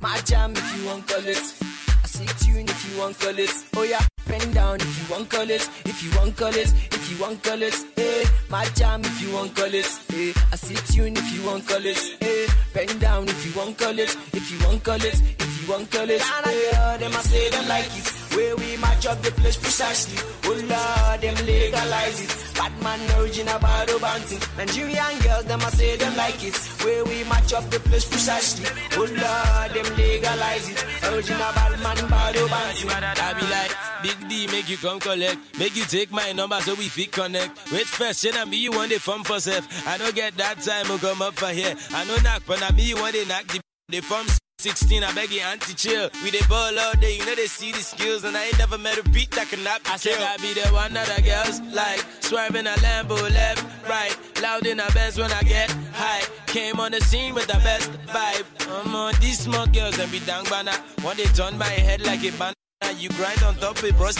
My jam if you want call it. Classic tune if you want call Oh yeah, bend down if you want colors. If you want colors, If you want colors, it. Eh, my jam if you want colors, it. Eh, I see tune if you want call Eh, down if you want colors. If you want colors, If you want colors, it. And I all them, I say them like it. Where we match up the place precisely. Oh Lord, them legalize it. Bad man original bottle bouncing. Nigerian girls, them I say them like it. Where we match up the place precisely. Oh Lord, them legalize it. Original bad man bottle bouncing. I be like, Big D, make you come collect. Make you take my number so we fit connect. Wait first, say na me you want the form for self. I don't get that time, I oh, come up for here. I know knock, but na me you want the knock the, the form. 16, I beg your auntie chill. We they ball all day, you know they see the skills, and I ain't never met a beat that could not be I said I be the one that the girls like. Swerving a Lambo left, right. Loud in a Benz when I get high. Came on the scene with the best vibe. I'm on these small girls and be down banner. When they turn my head like a banana, you grind on top of bros.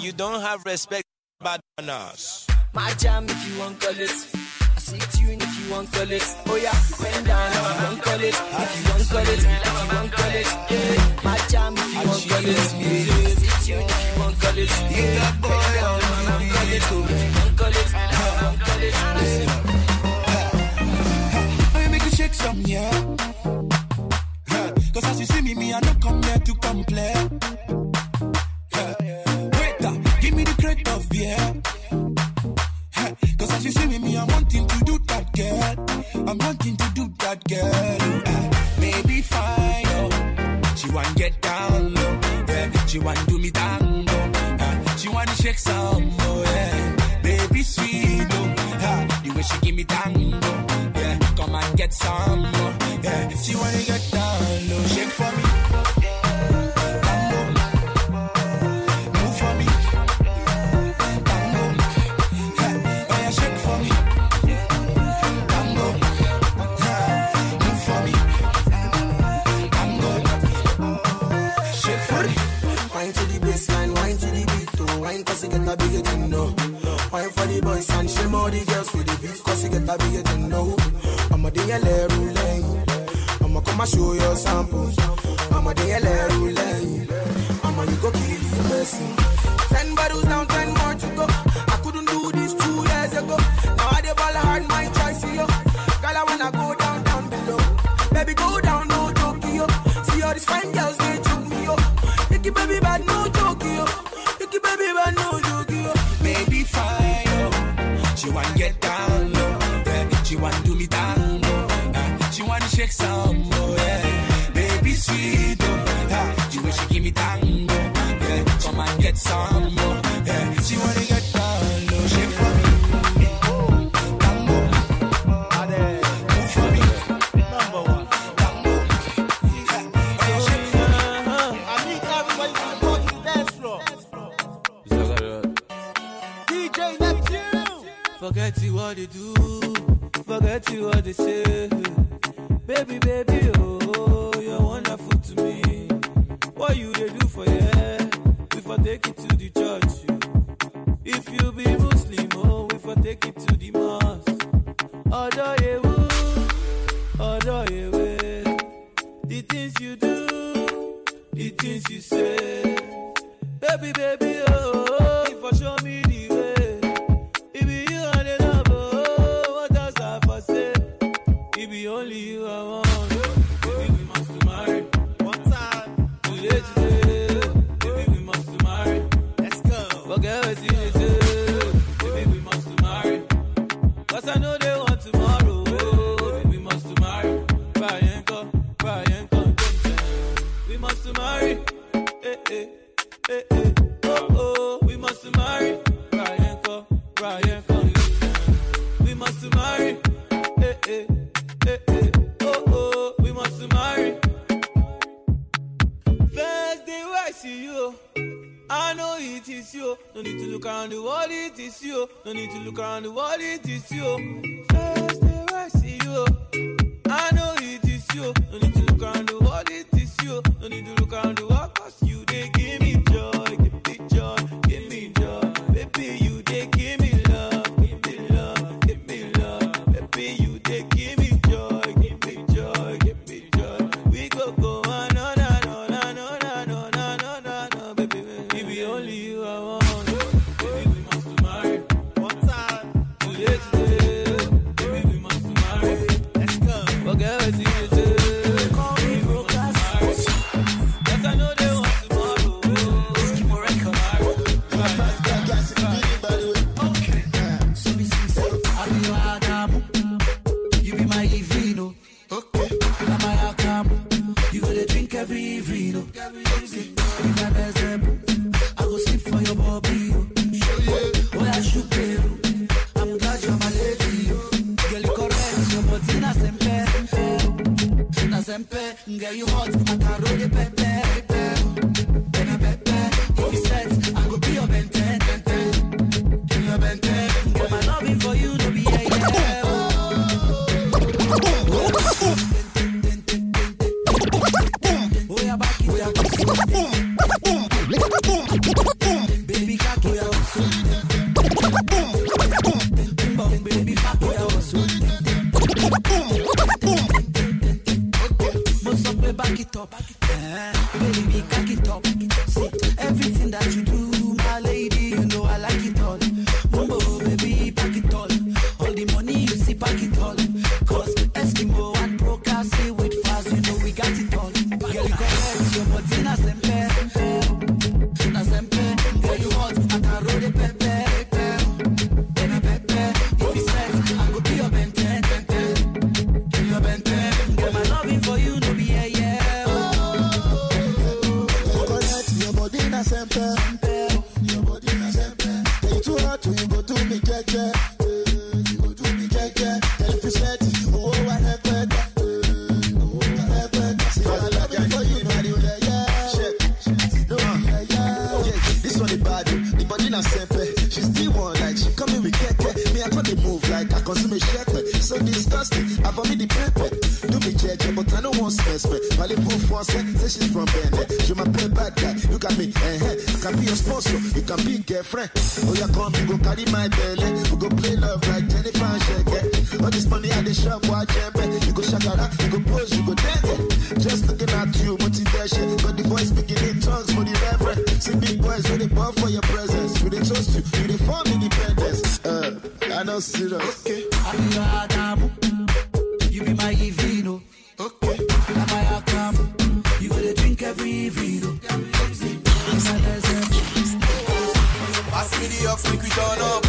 You don't have respect, bananas. My jam if you want call it. I see it you in the you want call it. Oh yeah, bend down if you want call it. If you want call it, if you want call it. Yeah, my jam if you want call it. Yeah, if you want call it. Yeah, bend down if you want call it. If you want call it, if you want call it. I make you shake some yeah. Cause as you see me, me I don't come here to complain. Yeah. Waiter, ah, give me the crate of beer. girl. I'm wanting to do that, girl. Uh, maybe fine, oh. She want to get down low, yeah. She want do me down uh, She want to shake some, more. yeah. Baby sweet, oh, uh, the way she give me down low, yeah. Come and get some, more. yeah. She want to get down low, shake for me. baby, you do to know. I'm a DLA ruling. I'm going to come and show your samples. I'm a DLA ruling. I'm going to you go kill you, Messi. Ten bottles down it is you. No need to look around the world, it is you. First day I see you, I know it is you. No need to the shop, why can't You go shakara, you go pose, you go dance. Just looking at you, but motivation. Got the boys speaking in tongues for the reverend. See big boys, when they bump for your presence. We they toast you, you they form independence. Uh, I know serious. Okay. I'm your Adamu. You be my Evino. Oh. Okay. I'm my Akamu. You go to drink every Evino. Oh. I'm my Pass me the ox, make we turn up.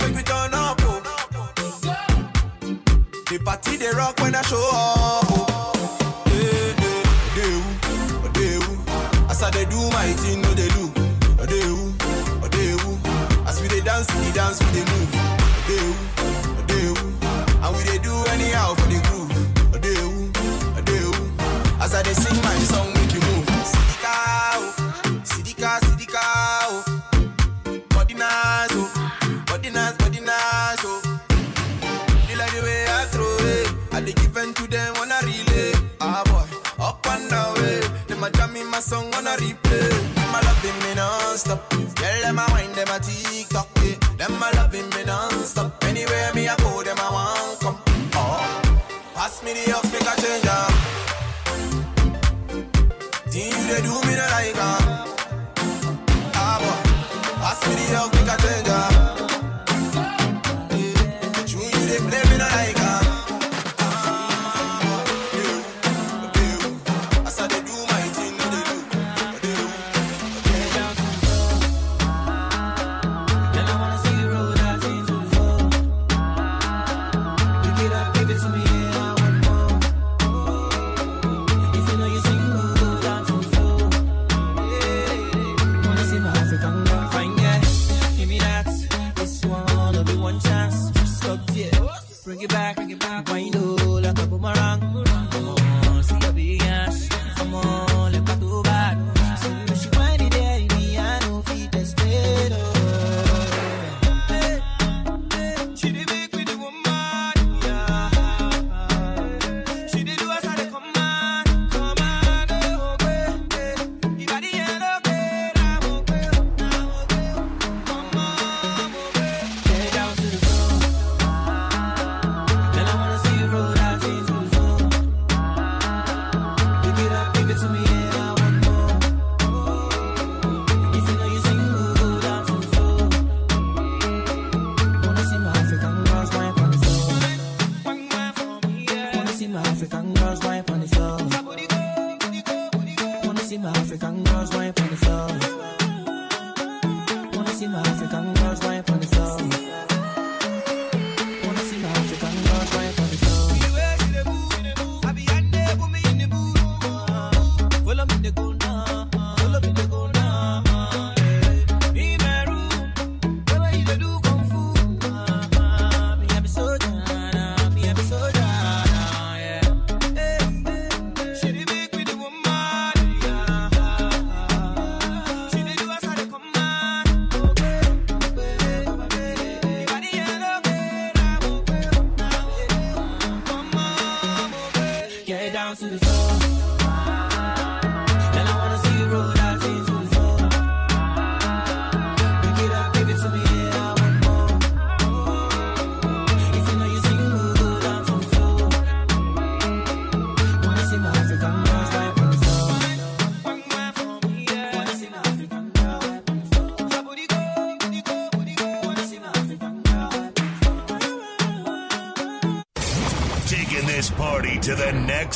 make we turn up. Oh. The party they rock when I show up. Oh. song on a replay. My love, they me non-stop. Girl, them a wine, them a tick.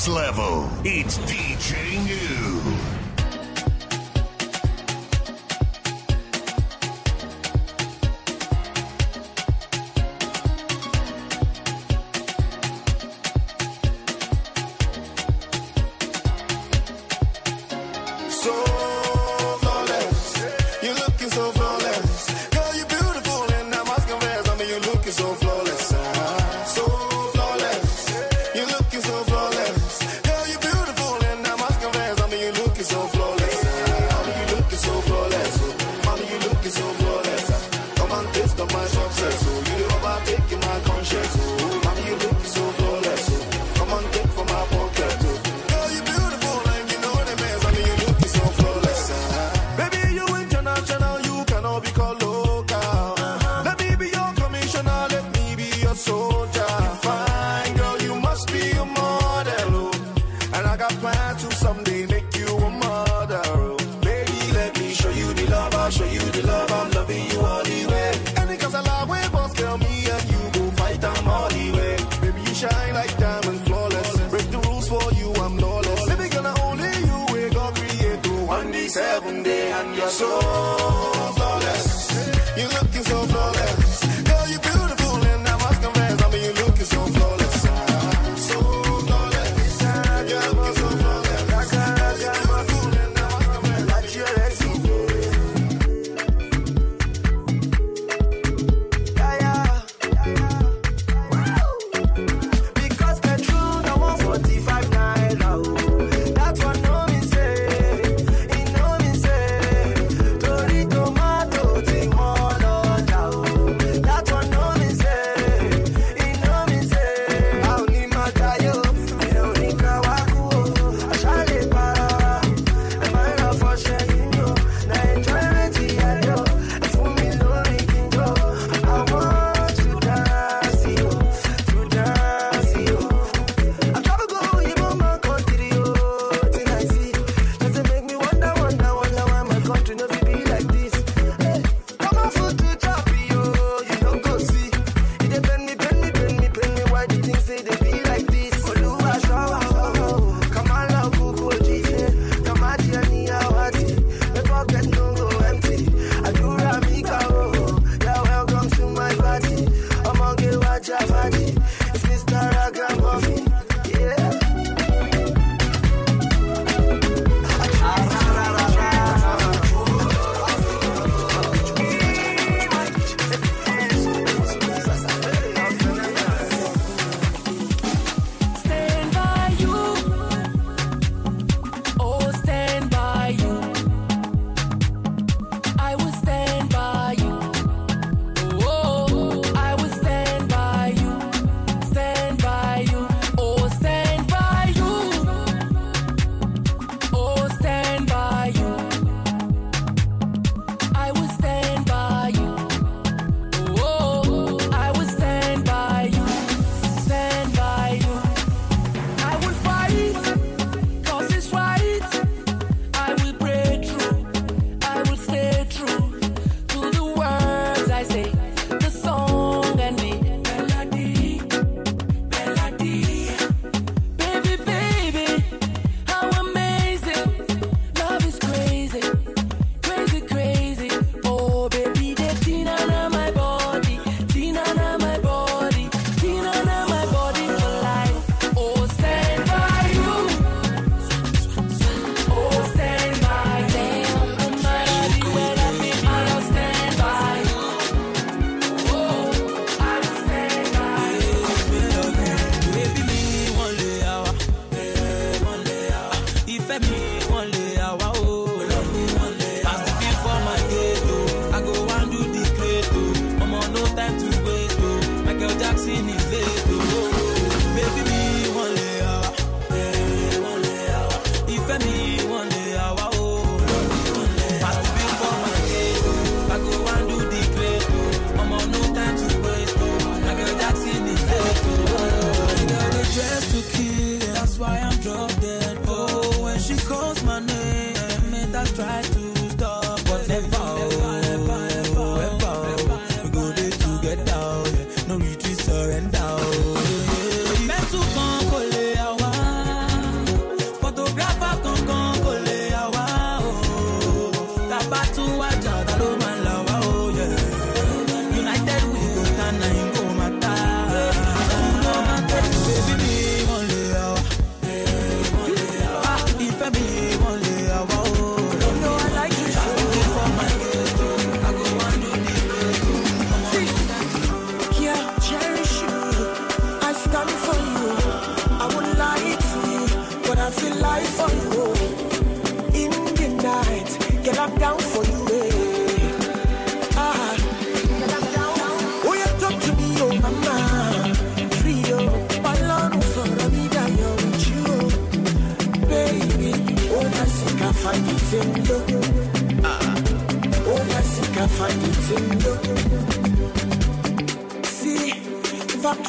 level. It's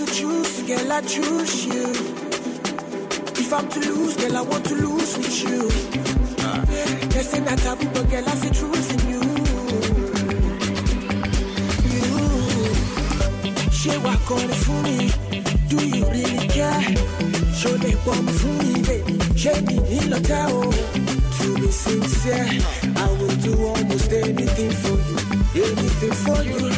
to choose, girl, I choose you. If I'm to lose, girl, I want to lose with you. Uh. They say not taboo, but girl, I see truth in you. You, she walk on for me. Do you really care? Show me one for me, baby. She need me To be sincere, I will do almost anything for you, anything for you.